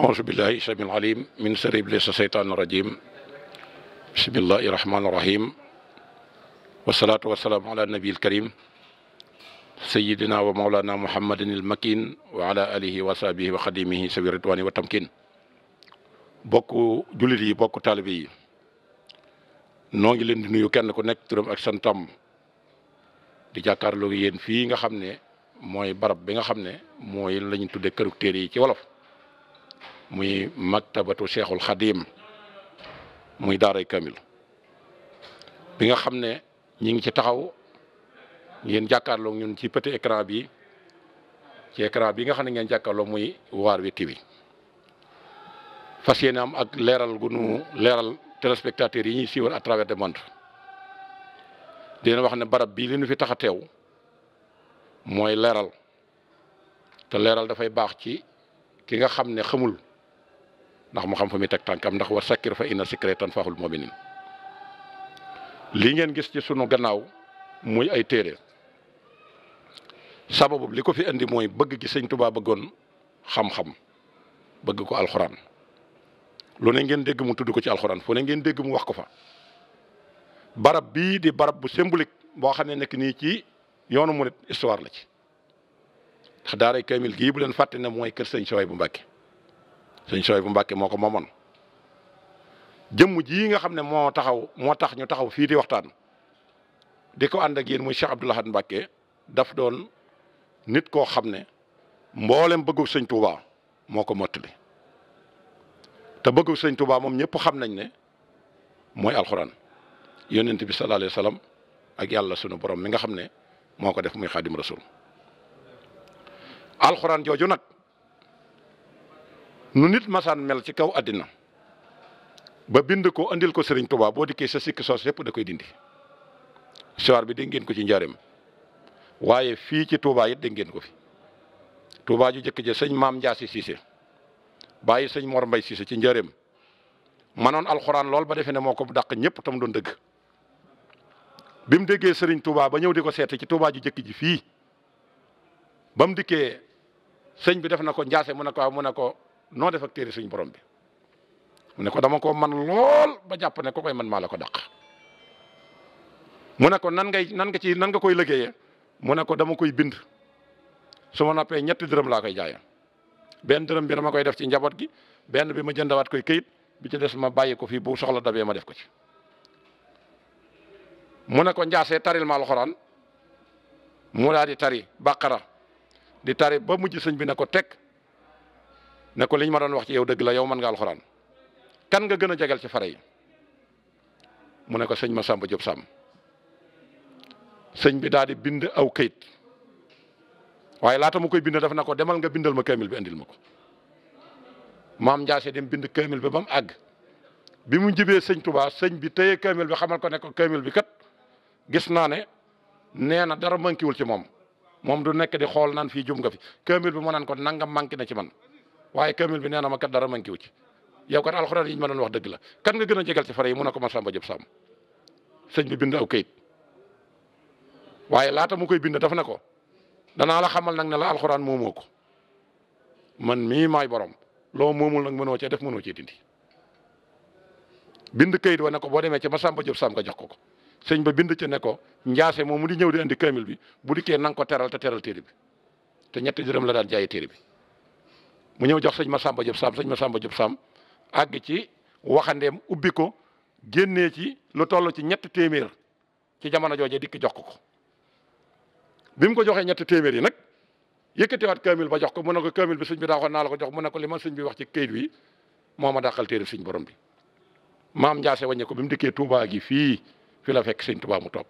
أعوذ بالله السميع العليم من شر إبليس الشيطان الرجيم بسم الله الرحمن الرحيم والصلاة والسلام على النبي الكريم سيدنا ومولانا محمد المكين وعلى آله وصحبه وخديمه سبي الرضوان والتمكين bokku jullit yi bokku taalibe yi noo ngi leen di nuyu kenn ku nekk turam ak santam di jàkkaarloo yéen fii nga xam ne mooy barab bi nga xam ne mooy la ñu tuddee këru téere yi ci wolof muy maktabatu cheikhul xadim muy daaray kamil bi nga xam ne ñi ngi ci taxaw ngeen jàkkaarloog ñun ci petit écran bi ci écran bi nga xam ne ngeen jàkkaarloog muy waar wi TV fas yéene am ak leeral gu nu leeral téléspectateurs yi ñuy suivre à travers le monde dina wax ne barab bii li nu fi tax a teew mooy leeral te leeral dafay baax ci ki nga xam ne xamul ndax mu xam fa muy teg tànkam ndax war sakkir fa inna sikra tanfa'ul mu'minin lii ngeen gis ci sunu gannaaw muy ay téere sababu li ko fi indi mooy bëgg gi sëñ Tuubaa bëggoon xam-xam bëgg ko alxuraan lu ne ngeen dégg mu tudd ko ci alxuraan foo ne ngeen dégg mu wax ko fa barab bii di barab bu symbolique boo xam ne nekk nii ci yoonu murit histoire la ci ndax daaray kaamil gii bu leen fàtte na mooy kër sëñ Suwaybu bu Mbàkke sëñ sooy bu Mbàkke moo ko moomoon jëmm ji nga xam ne moo taxaw moo tax ñu taxaw fii di waxtaan di ko ànd ak yéen muy Cheikh Abdou Lahad mbake daf doon nit koo xam ne mboolem bëggu sëñ Touba moo ko mottali te bëggu sëñ Touba moom ñëpp xam nañ ne mooy alxuraan yonent bi sallallahu alayhi wa sallam ak yàlla sunu borom mi nga xam ne moo ko def muy xaadim rasul alxuraan jooju nag. nu nit masaan mel ci kaw àddina ba bind ko andil ko sëriñ Touba boo dikkee sa sikki soos yëpp da koy dindi histoire bi dégg ngeen ko ci njaareem waaye fii ci Touba it dégg ngeen ko fi Touba ju jëkk ja sëñ maam Ndiassy Cissé bàyyi sëñ Mor Mbay Cissé ci njaareem noon alxuraan lool ba defee ne moo ko dàq ñëpp tam doon dëgg bi mu déggee Serigne Touba ba ñëw di ko seete ci Touba ju jëkk ji fii ba mu dikkee sëñ bi def na ko njaase mu ne ko mu ne ko. noo def ak téere suñ borom bi ne ko dama ko man lool ba jàpp ne ko koy man maa ko dàq mu ne ko nan ngay nan nga ci nan nga koy liggéeyee mu ne ko dama koy bind suma nappee ñetti dërëm laa koy jaayee benn dërëm bi dama koy def ci njaboot gi benn bi ma jëndawaat koy këyit bi ci def ma bàyyi ko fii bu soxla dabee ma def ko ci mu ne ko njaasee taril ma alxuraan mu daal di tari bàqara di tari ba mujj sëñ bi ne ko teg ne ko ma doon wax ci yow dëgg la yow mën nga alxuraan kan nga gën a jegal ci fare yi mu ne ko sëñ ma sàmba job sàmm sëñ bi daal di bind aw kayit waaye laata mu koy bind def na ko demal nga bindal ma kaamil bi andil ma ko maam Njaase dem bind kaamil bi ba mu àgg bi mu jibee sëñ Tuubaa sëñ bi téye kaamil bi xamal ko ne kaamil bi kat gis naa ne nee na dara manqué ci moom moom du nekk di xool naan fii jum nga fi kaamil bi mu naan ko nangam manqué na ci man waaye kamil bi nee na ma kat dara manqué wu ci yow kat alxuraan yi ñu ma doon wax dëgg la kan nga gën a jegal ci fare yi mu ne ko Samba Diop Samb sëñ bi bind aw kayit laata mu koy bind daf ne ko danaa la xamal nag ne la alxuraan moomoo ko man mii maay borom loo moomul nag mënoo cee def mënoo cee dindi bind kayit wa ne ko boo demee ci ma Samba Diop sam ka jox ko ko sëñ ba bind ci ne ko njaase moom mu di ñëw di andi kamil bi bu dikkee na nga ko teral te teral téere bi te ñetti dërëm la daal jaayee téere bi. mu ñëw jox sëñ Masamba Diop Sam sëñ Masamba Diop Sam àgg ci waxandeem ubbiko ko ci lu toll ci ñett téeméer ci jamono jooje dikk jox ko ko bi mu ko joxee ñetti téeméer yi nag yëkkatiwaat kaamil ba jox ko mu ne ko kaamil bi sëñ bi daa waxoon naa ko jox mu ne ko li ma sëñ bi wax ci kayit wi moo ma dàqal téere sëñ borom bi maam Ndiasse wàññi ko bi mu dikkee Touba gi fii fi la fekk sëñ tubaa mu toog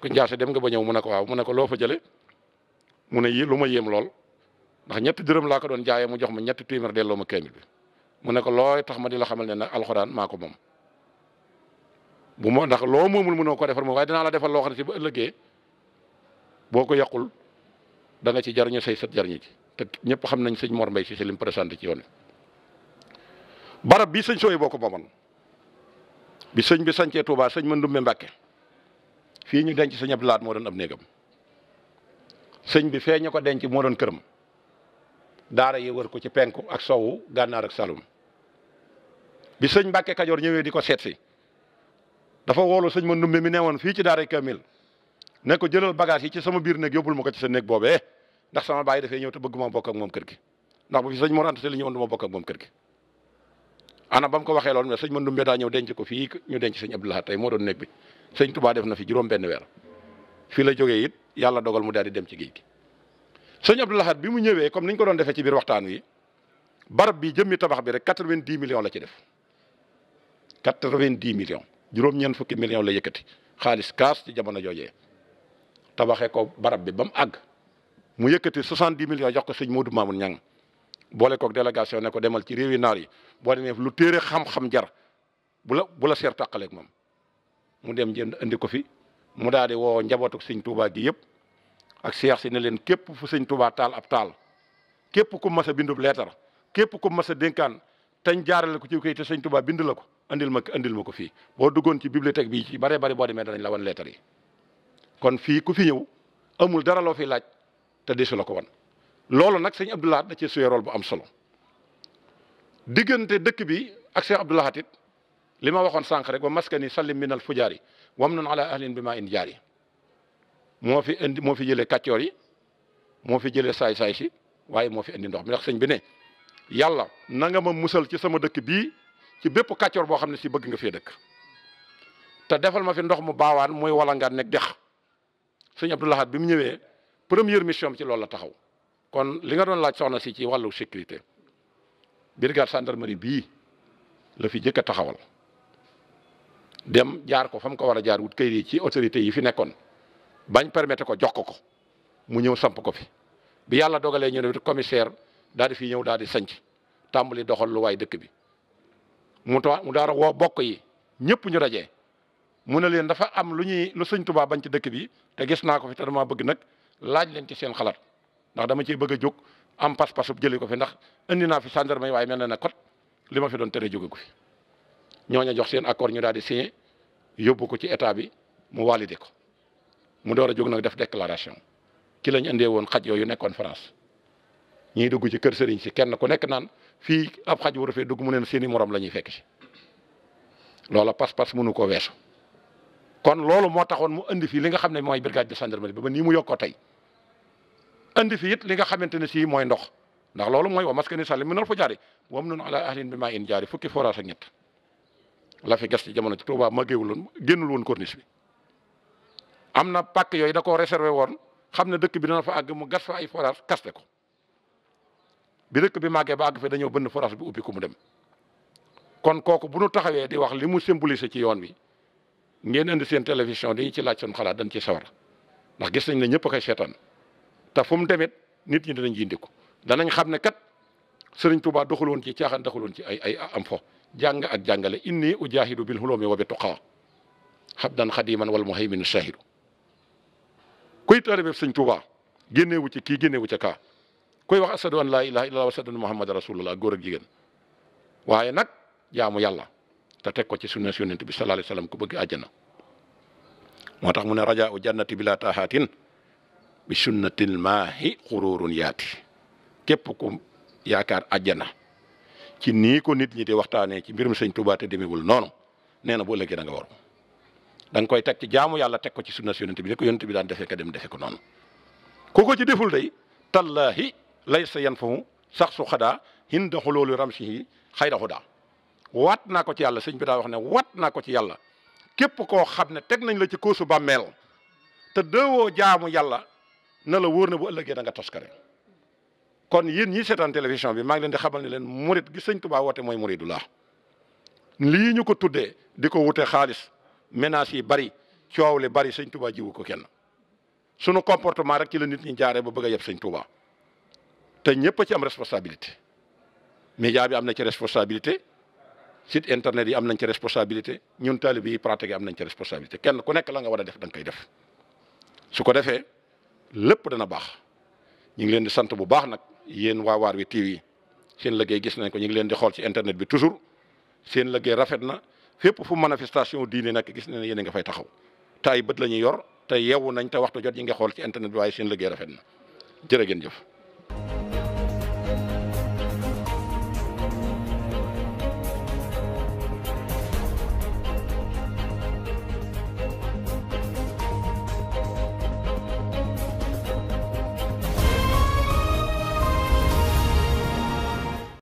ku Ndiasse dem nga ba ñëw mu ne ko waaw mu ne ko loo fa jële mu ne yii lu ma yéem lool ndax ñetti dërëm laa ko doon jaayee mu jox ma ñetti téeméer delloo ma kaamil bi mu ne ko looy tax ma di la xamal ne nag alxuraan maa ko moom ndax loo moomul mënoo ko defar moom waaye dinaa la defal loo xam ne ci ba ëllëgee boo ko yàqul da ci jariñu say sët jariñu ci te ñëpp xam nañ sëñ Mor Mbay si lim présenté ci yoon barab bi sëñ sooy boo ko moomoon bi sëñ bi sancee Touba sëñ Mandoumbe Mbàkke fii ñu denc sëñ laat moo doon ab néegam sëñ bi fee ñu ko denc moo doon këram daara yi wër ko ci penku ak sowu gànnaar ak salum bi sëñ Mbàkke Kajoor ñëwee di ko seetsi si dafa woolu sëñ ma ndumbe mi newoon fii ci daara Kamil ne ko jëlal bagage yi ci sama biir néeg yóbbul ma ko ci sa néeg boobe ndax sama baay dafay ñëw te bëgg ma bokk ak moom kër gi ndax bu fi sëñ Mor Anta Sali ñëwoon du ma bokk ak moom kër gi ana ba mu ko waxee loolu ne sëñ ma ndumbe daa ñëw denc ko fii ñu denc sëñ Abdou Lahad tey moo doon néeg bi sëñ Tuubaa def na fi juróom benn weer fii la jógee it yàlla dogal mu daal di dem ci géej gi sëñ Abdou Lahad bi mu ñëwee comme ni ñu ko doon defee ci biir waxtaan wi barab bi jëmmi tabax bi rek quatre-vingt-dix millions la ci def quatre-vingt-dix million juróom-ñeent fukki millions la yëkkati xaalis kaas ci jamono jooje tabaxee ko barab bi ba mu àgg mu yëkkati soixante-dix millions jox ko sëñ Modou Mamoun Niang boole koog délégation ne ko demal ci réew réewi naar yi boo demee lu téere xam-xam jar bula la bu la seer tàqaleeg moom mu dem jënd indi ko fi mu daal di woo njabootu sëñ Touba gi yëpp. ak Cheikh si ne leen képp fu sëñ Touba taal ab taal képp ku mas bindu leetar képp ku mas a dénkaan tañ jaarale ko ci kay te sëñ Touba bind la ko andil ma andil ma ko fii boo duggoon ci bibliothèque bii ci bare bari boo demee danañ la wan leetar yi kon fii ku fi ñëw amul dara loo fi laaj te desu ko wan loolu nag sëñ Abdou Lahad da cee suyee bu am solo diggante dëkk bi ak Cheikh Abdou Lahad it li ma waxoon sànq rek wa maskani fu minal fujaari wamnun ala ahlin bi ma in jaari moo fi indi moo fi jëlee kàccoor yi moo fi jëlee saay-saay si waaye moo fi indi ndox mi ndax sëñ bi ne yàlla na nga ma musal ci sama dëkk bii ci bépp kàccoor boo xam ne si bëgg nga fee dëkk te defal ma fi ndox mu baawaan muy walangaan nekk dex sëñ Abdou Lahad bi mu ñëwee première mission ci loolu la taxaw kon li nga doon laaj soxna si ci wàllu sécurité brigade gendarmerie bii la fi jëkk a taxawal dem jaar ko fa mu ko war a jaar wut kayit yi ci autorités yi fi nekkoon. bañ permettre ko jox ko ko mu ñëw samp ko fi bi yàlla dogalee ñu ne commissaire daal di fi ñëw daal di sanc tàmbali doxal lu waay dëkk bi mu tax mu daara woo bokk yi ñëpp ñu dajee mu ne leen dafa am lu ñuy lu sëñ Tuubaa bañ ci dëkk bi te gis naa ko fi te dama bëgg nag laaj leen ci seen xalaat ndax dama ciy bëgg a jóg am pas-pasu jëlee ko fi ndax indi naa fi gendarmerie waay mel na ne kot li ma fi doon tere jóge ko fi ñooñu jox seen accord ñu daal di signé yóbbu ko ci état bi mu validé ko. mu door a jóg nag def déclaration ki lañ indee woon xaj yooyu nekkoon France ñiy dugg ci kër sëriñ si kenn ku nekk naan fii ab xaj waru fee dugg mu neen seeni moroom la ñuy fekk si loola pas-pas mënu ko weesu kon loolu moo taxoon mu indi fii li nga xam ne mooy brigade de gendarmerie ba nii mu yokko tey indi fi it li nga xamante ne sii mooy ndox ndax loolu mooy wa maskani sàlli minal fujaari wam nun ala ahlin bi maa in jaari fukki forage ak ñett la fi gas jamono ci Tuubaa ma géewul woon génnul bi am na pàkk yooyu da koo réservé woon xam ne dëkk bi dana fa àgg mu gas fa ay forage kaste ko bi dëkk bi màggee ba àgg fe dañoo bënn forage bi ubbi ko mu dem kon kooku bu nu taxawee di wax li mu symbolisé ci yoon wi ngeen indi seen télévision dañu ci laaj seen xalaat dañ ci sawar ndax gis nañ ne ñëpp koy seetaan te fu mu demit nit ñi danañ yindiku danañ xam ne kat sëriñ Tuubaa doxul ci caaxaan doxul woon ci ay ay am fo jàng ak jàngale inni ujaahidu bil hulumi wa bi tuqaa xabdan xadiman wal muhaymin shahidu kuy taalibe sëñ Tuuba génneewu ci kii génneewu ca kaa kuy wax asadu an laa ilaha illallah wa asadu an muhammad rasulullah góor ak waaye nag jamu yàlla te teg ko ci sunna yonent bi sallallahu alayhi wasallam ku bëgg àjjana moo tax mu ne rajaa u bi sunnatil maahi xururun yaati képp ku yaakaar àjjana ci nii ko nit ñi di waxtaanee ci mbirum sëñ Tuuba te demewul noonu nee na bu ëllëgee da nga waru da koy teg ci jaamu yàlla teg ko ci sunna yonent bi ne ko yonent bi daan defee ka dem defee ko noonu ku ko ci deful day tallaahi laysa yanfahu sax su xadaa hinda xoloolu ramsihi xayra xudaa waat naa ko ci yàlla sëñ bi daa wax ne waat naa ko ci yàlla képp koo xam ne teg nañ la ci kóosu bàmmeel te dëwoo jaamu yàlla na la woor na bu ëllëgee da nga toskare kon yéen ñi seetaan télévision bi maa ngi leen di xamal ne leen murit gi sëñ Tuubaa woote mooy muridullah lii ñu ko tuddee di ko wute xaalis ménages yi bari coow li bari sëñ Touba jiwu ko kenn sunu comportement rek ci la nit ñi jaaree ba bëgg a yeb sëñ Touba te ñëpp ci am responsabilité média bi am na ci responsabilité site internet yi am nañ ci responsabilité ñun taalib yi pratique yi am nañ ci responsabilité kenn ku nekk la nga war a def da nga koy def su ko defee lépp dana baax ñu ngi leen di sant bu baax nag yéen waa Waarwi TV seen liggéey gis nañ ko ñu ngi leen di xool ci internet bi toujours seen liggéey rafet na. fépp fu manifestation diine nag gis na ne yéen nga fay taxaw tay bët la ñuy yor te yeewu nañ te waxtu jot yi nga xool ci internet bi waaye seen liggéey rafet na jërë ngeen jëf